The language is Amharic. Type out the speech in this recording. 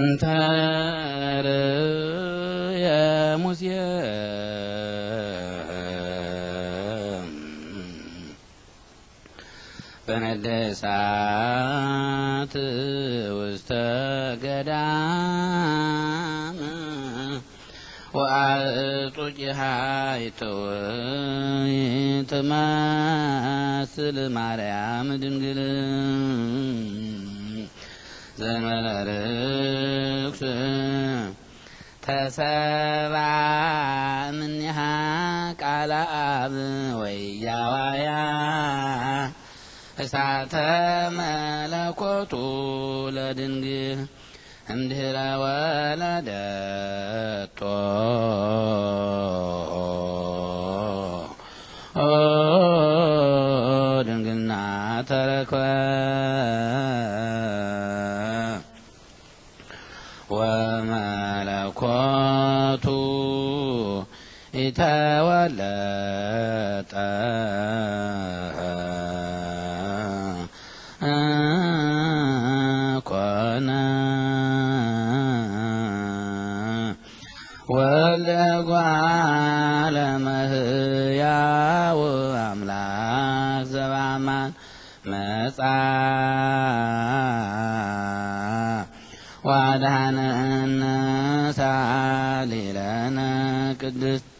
እንታር የሙሴ በነደ እሳት ውስተ ገዳም እምትመስል ማርያም ድንግል ዘመነ ርኩስ ተሰባ እምኔሃ ቃለ አብ ወያዋያ እሳተ መለኮቱ ለድንግል እምድኅረ ወለደቶ تركا لقات تولت كنا ولق عالمه مهيا وأملاك زبعمان መጻ ወአድኃነነ ሳሊለነ ቅድስት